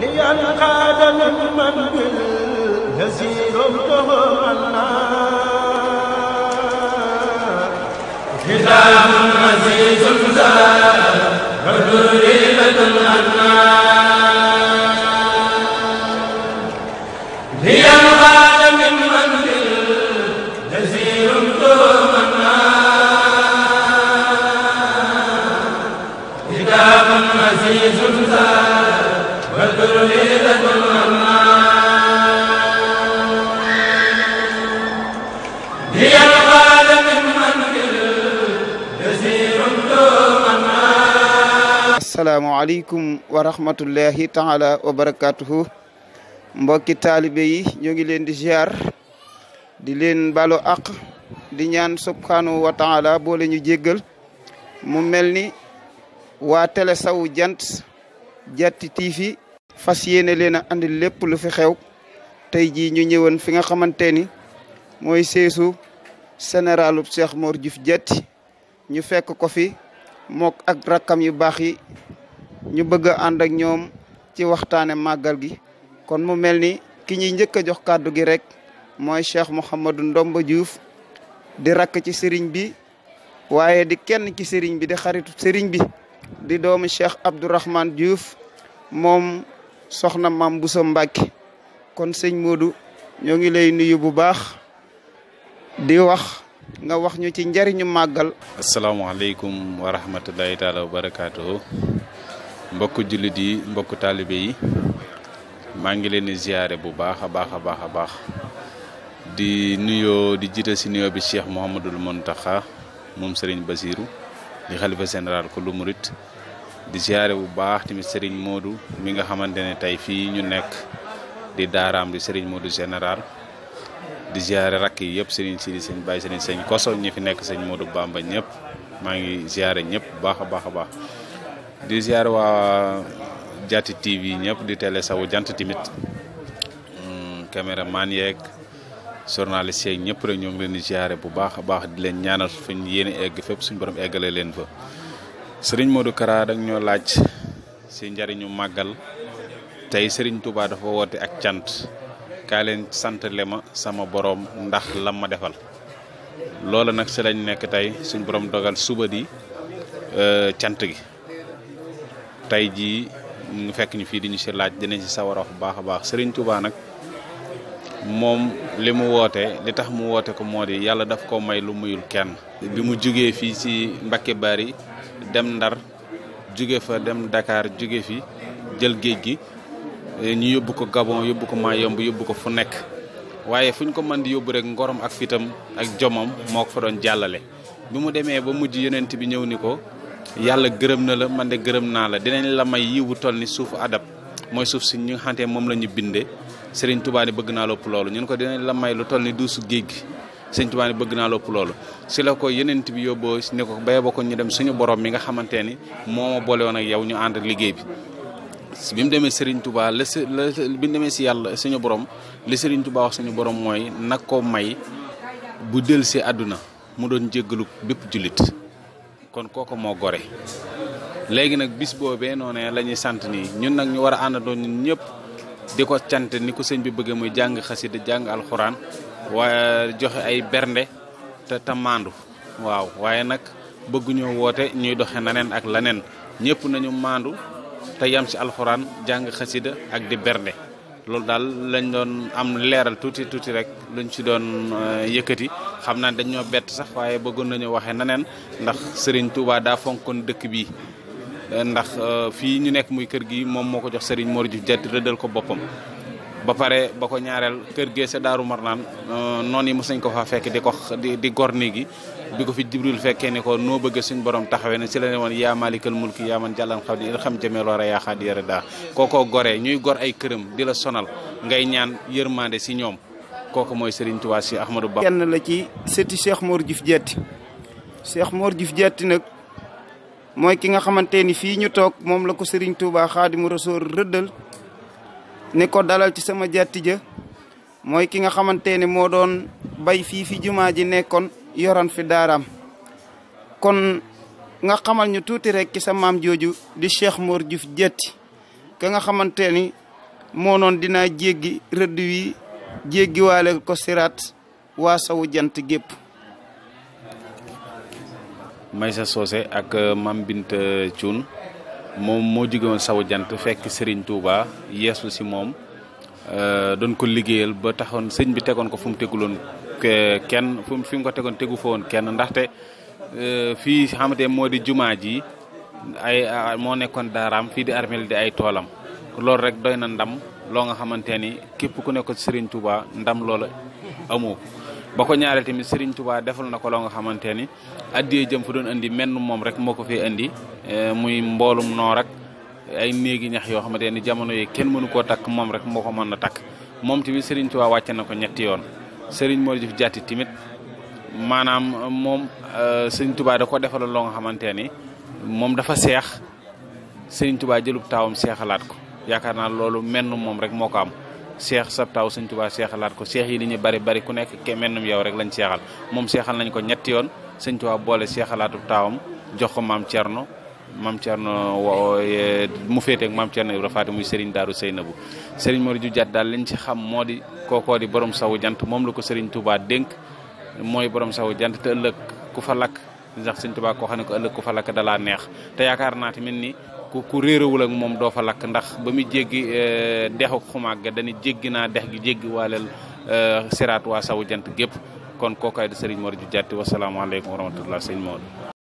لينقاد ممن باليسير تهمنا كتاب عزيز زاد وتريبة عنا لينقاد ممن باليسير تهمنا كتاب عزيز Assalamualaikum warahmatullahi taala wabarakatuh mbokki talibe yi ñu ngi leen di ziar di leen balo ak di ñaan subhanahu wa taala boole ñu jéggel mu melni wa télé saw jant jatti tv fas yéene leen a andi lépp lu fi xew tey jii ñu ñëwoon fi nga xamante ni mooy seesu sénéralu Cheikh moor Diouf Diatty ñu fekk ko fi mook ak rakkam yu baax yi ñu bëgg a ànd ak ñoom ci waxtaane màggal gi kon mu mel ni ki ñuy njëkk a jox kàddu gi rek mooy Cheikh Mouhamadou Ndomba Diouf di rakk ci sëriñ bi waaye di kenn ci sëriñ bi di xaritu sëriñ bi di doomu Cheikh Abdourahman Diouf moom soxna maam Bousso Mbacke kon sëñ Modou ñoo ngi lay nuyu bu baax di wax nga wax ñu ci njariñu màggal asalaamaaleykum wa rahmatullahi taala wa mbokk mbokku jullit yi mbokku yi maa ngi leen di ziyaare bu baax a baax a baax a baax di nuyoo di jiite ci nuyoo bi Cheikh Mouhamadul Mountakha moom Serigne Basirou di xalifa général ku lu murit di ziare bu baax tamit Serigne Modou mi nga xamante ne tey fii ñu nekk di daaram di Serigne Modou général di ziare rakk yi yëpp Serigne Sidi sëñ Baye Serigne sëñ Koso ñi fi nekk sëñ Modou Bamba ñëpp maa ngi ziare ñëpp baax a baax a baax di ziare waa Diatty TV ñëpp di télé sawu jant tamit hmm, caméraman yeeg journaliste yeeg ñëpp rek ñoo ngi di ziare bu baax a baax di leen ñaanal fañ yéen egg fépp suñu borom eggale leen fa. sëriñ Modou Kara dañ ñoo laaj si njariñu màggal tey sëriñ Touba dafa woote ak cant kaa leen santle ma sama boroom ndax lam ma defal loola nag si lañ nekk tey suñ borom dogal suba di euh, cant gi tey jii ñu fekk ñu fii di ñu si laaj dinañ si sawara wax bu baax a baax sëriñ Touba nag moom li mu woote li tax mu woote ko moo di yàlla daf ko may lu muyul kenn bi mu jugee fii si Mbacké yi dem Ndar jóge fa dem dakaar jóge fi jël géej gi eh, ñu yóbbu ko Gabon yóbbu ko maa Mayombe yóbbu ko fu nekk waaye fu ñu ko mën di yóbbu rek ngorom ak fitam ak jomam moo ko fa doon jàllale bi mu demee ba mujj yeneent bi ñëw ni ko yàlla gërëm na la man de gërëm naa la dinañ la may yiwu toll ni suufu adab mooy suuf si ñu nga moom la ñu bindee Serigne Touba ni bëgg naa lopp loolu ñun ko dinañ la may lu toll ni duusu géej gi sëñ tubaa ne bëgg naa lopp loolu si la ko yenent bi yóbboo ne ko baye ba ko ñu dem suñu borom mi nga xamante ni moo ma boole woon ak yow ñu ànd liggéey bi bi mu demee Serigne Touba la la bi mu demee si yàlla suñu borom li Serigne Touba wax suñu borom mooy nag ko may bu del si àdduna mu doon jéggalu bépp julit kon koko moo gore léegi nag bis boobee noonee la ñuy sant nii ñun nag ñu war a àndandoo ñun ñëpp di ko cant ni ko sëñ bi bëggee muy jàng xasida jàng alxuraan waaye joxe ay bernde te maandu waaw waaye nag bëgguñoo woote ñuy doxe naneen ak laneen ñëpp nañu maandu te yam ci alxuraan jàng xasida ak di bernde loolu daal lañ doon am leeral tuuti tuuti rek luñ ci doon euh, yëkkëti xam naa dañ ñoo bett sax waaye bëggoon nañu waxe naneen ndax sëriñ Touba daa fonkoon dëkk bi ndax euh, fii ñu nekk muy kër gi moom moo ko jox Serigne Mor Diouf Diatty rëddal ko boppam ba pare ba ko ñaareel kër gee sa daaru marnaan euh, noonu mos nañ ko fa fekk di ko di di gor néegi bi ko fi jibril fekkee ne ko noo bëgg suñ borom taxawee ne si la ne woon yaa malikal mulki yaa man jàllan xaw di xam jëmee loora yaa xaadi yara daa kookoo goree ñuy gor ay këram di la sonal ngay ñaan yërmande si ñoom kooku mooy Serigne Touba si Ahmadou Ba. kenn la ci sëti Cheikh Mor Diouf Cheikh Mor nag mooy ki nga xamante ni fii ñu toog moom la ko xaadimu rasoor rëddal ni ko dalal ci sama jàttija moy ki nga xamantene mo doon bay fi fi juma ji nekkon yoran fi daram kon nga xamal ñu tuti rek ci sama am joju di Cheikh Mor Diouf jetti ka nga xamantene mo non dina jeegi jéggi wi jéggi waale ko sirat wa sawu jant gépp Maysa sosé ak euh, mam bint moom moo jóge woon saw jant fekk Serigne Touba yeesu si moom euh, doon ko liggéeyal ba taxoon sëñ bi tegoon ko fu mu teguloon kenn fu ko tegoon tegu fa woon kenn ndaxte euh, fii xamante moo di jumaa ji ay moo nekkoon daaraam fii di armel di ay toolam loolu rek doy na ndam loo nga xamante ni képp ku nekkoon Serigne Touba ndam loola amoo ko ba ko ñaareel tamit Serigne Touba defal na ko loo nga xamante ni addiyee jëm fa doon indi menn moom rek moo ko fee indi eh, muy mboolum noor ak ay néegi ñax yoo xamante ni jamono yi kenn mënu koo takk moom rek moo ko mën a takk moom tamit Serigne Touba wàcce na ko ñetti yoon Serigne Mor Diouf Diatty tamit maanaam moom eh, Serigne Touba da ko defaloon loo nga xamante ni moom dafa seex Serigne Touba jëlub taawam seexalaat ko yaakaar naa loolu menn moom rek moo ko am. seex sab taw sëñ tubaa seexalaat ko seex yi li ñu bari bari ku nekk ke mennum yow rek lañ seexal moom seexal nañ ko ñett yoon sëñ tubaa boole seexalaatu taawam jox ko maam Thierno maam Thierno eh, mu féeteeg maam Thierno Ibra Faati muy Serigne Darou Seynabou Serigne Mor ju jat daal lañ ci xam moo di kookoo di borom sawu jant moom la ko Serigne Touba dénk mooy borom sawu jant te ëllëg ku fa lakk sax sëñ tubaa koo xam ne ko ëllëg ku fa lakk dalaa neex te yaakaar naa tamit ni ku ku réerawul ak moom doo fa lakk ndax ba muy jéggi eh, dexu xumaag ga dañu jéggi naa dex gi jéggi waaleel eh, siraat waa sawu jant gépp kon kookaay di Serigne Mor ju jàtti wasalaamaaleykum wa rahmatullah sëñ Maodo